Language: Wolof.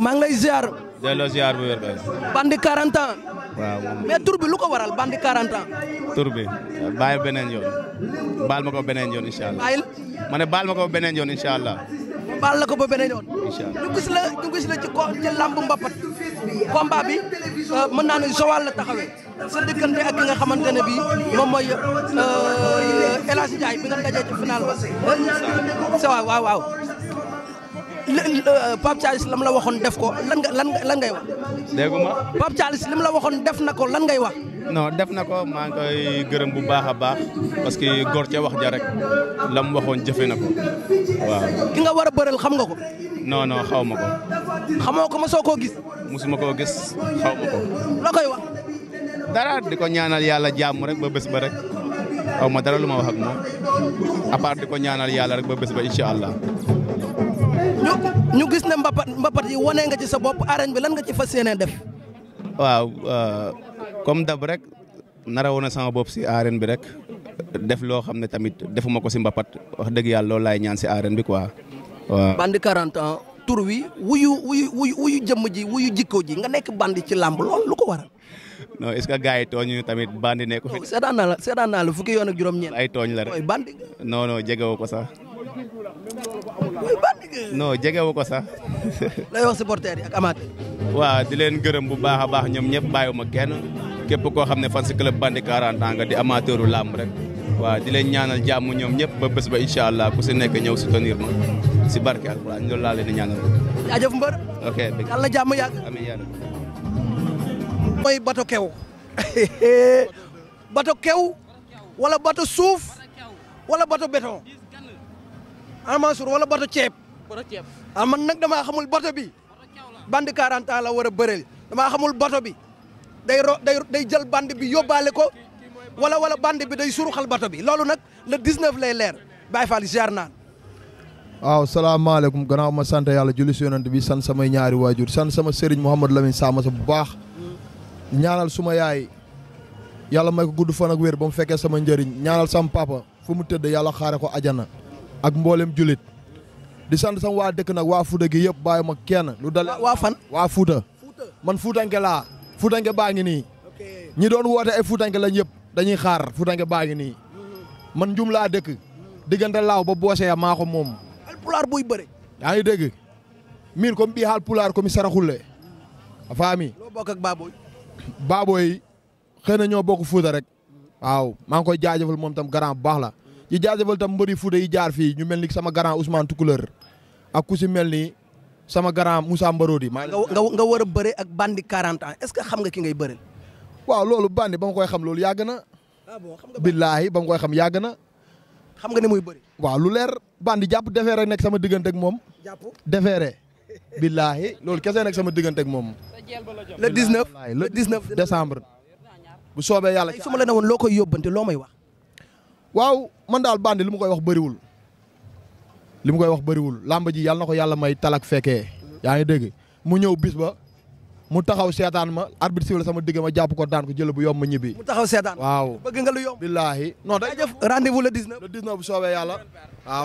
maa ngi lay ziar. delloo ziar bu wér kay. bandi 40 ans. waaw mais lu ko waral bandi 40 ans. tur bi bàyyi beneen yoon baal ma ko beneen yoon incha allah. ayil ma ne baal ma ko beneen yoon incha allah. baal la ko ba beneen yoon. incha allah ñu gis la ñu gis la ci ko ci làmb mbapat. combat bi euh, mën naa ne Joal la taxawee. sa diggante ak ki nga xamante ne bii moom mooy euh, El bi nga dajee ci final ba. waaw waaw waaw. Pape Thialis lam la waxoon def ko lan nga lan lan ngay wax. dégguma Pape Thialis la waxoon def na ko lan ngay wax. non def na ko maa ngi koy gërëm bu baax a baax parce que góor ca wax ja rek la mu waxoon jëfe na ko waaw. ki nga war a bëreel xam nga ko. non non xaw ma ko. xamoo ko soo koo gis. mosuma koo gis xaw ma ko. la koy wax. dara di ko ñaanal yàlla jàmm rek ba bés ba rek xaw ma dara lu ma wax ak moom à part di ko ñaanal yàlla rek ba bés ba incha allah. ñu gis ne mbapat mbapat yi wane nga ci sa bopp arène bi lan nga ci fas yéene def. waaw euh, comme dab rek nara woon na sama bopp si arène bi rek def loo xam ne tamit defuma ko si mbapat wax dëgg yàlla loolu laay ñaan si arène bi quoi waaw. bandi 40 ans tur wi wuyu wuyu ji wuyu jikko ji nga nekk bandi ci làmb lool lu ko waral. non est-ce que gars tamit bandi nekk. seetaan naa la seetaan naa la fukki yoon ak juróom-ñeent. ay tooñ la rek bandi. non non ko sax. non jegewu ko sax. lay wax supporter yi ak amateur. waaw di leen gërëm bu baax a baax ñoom ñëpp bàyyiwuma kenn képp koo xam ne fan si club Bandit 40 ans nga di amateuru làmb rek. waaw di leen ñaanal jàmm ñoom ñëpp ba bés ba incha allah ku si nekk ñëw soutenir ma si barke alxuraan loolu laa leen di ñaanal. jaajëf mbër. ok jàmm yàgg. amiin yàlla. mooy bato kew. bato kew wala bato suuf wala bato béton. ah Mansour wala bato ceeb. bato ceeb ah man nag damaa xamul bato bi. bande 40 la war a bëreel damaa xamul bato bi day ro day day jël bande bi yóbbaale ko wala wala bande bi day suruxal bato bi loolu nag le 19 lay leer Baye Fall ziar naan. waaw salaamaaleykum gannaaw ma sant yàlla julli si yonent bi san sama ñaari waajur sant sama sëriñ Mouhamadou Lamine saama sa bu baax. ñaanal suma yaay yàlla may ko gudd fan ak wér ba mu fekkee sama njëriñ ñaanal sama papa fu mu tëdd yàlla xaare ko ajana ak mboolem julit di sant sama waa dëkk nag waa Fuuta gi yëpp bàyyi ma kenn lu dal waa fan waa Fuuta man Fuutanke laa Fuutanke baa ngi nii ñi doon woote ay Fuutanke yëpp ñëpp dañuy xaar Fuutanke baa ngi nii mhm. man njum laa dëkk diggante laaw ba boosee maa ko moom alpulaar buy bëri yaa ngi dégg miin comme bii xaal pulaar comme saraxulle a faami loo bokk ak xëy na ñoo bokk Fuuta rek waaw maa ngi koy jaajëfal moom tam garant bu baax la di jaajëfal tam mbëri Fuuta yi jaar fii ñu mel ni sama grand Ousmane Toucouleur ak ku si mel ni sama grand Moussa Mbarodi. maa nga nga war a bëre ak bandi 40 ans est ce que xam nga ki ngay bëre. waaw loolu bandi ba ma koy xam loolu yàgg na. ah xam nga billaahi ba ma koy xam yàgg na. xam nga ne muy bëri. waaw lu leer bandi jàpp defeere rek nekk sama diggante ak moom. jàpp defeere. billaahi loolu kese nag sama diggante ak moom. le 19 le 19 décembre. bu soobee yàlla su ma la ne woon loo koy yóbbante loo may wax. waaw man daal bandi li mu koy wax bariwul li mu koy wax bariwul làmb ji yàlla na ko yàlla may talak fekkee yaa ngi dégg mu ñëw bis ba mu taxaw seetaan ma arbitre siffle sama digg ma jàpp ko daan ko jël bu yomb ma ñibbi. mu taxaw seetaan waaw bëgg nga lu yomb. billaahi non day def rendez-vous le 19. le bu soobee yàlla waaw.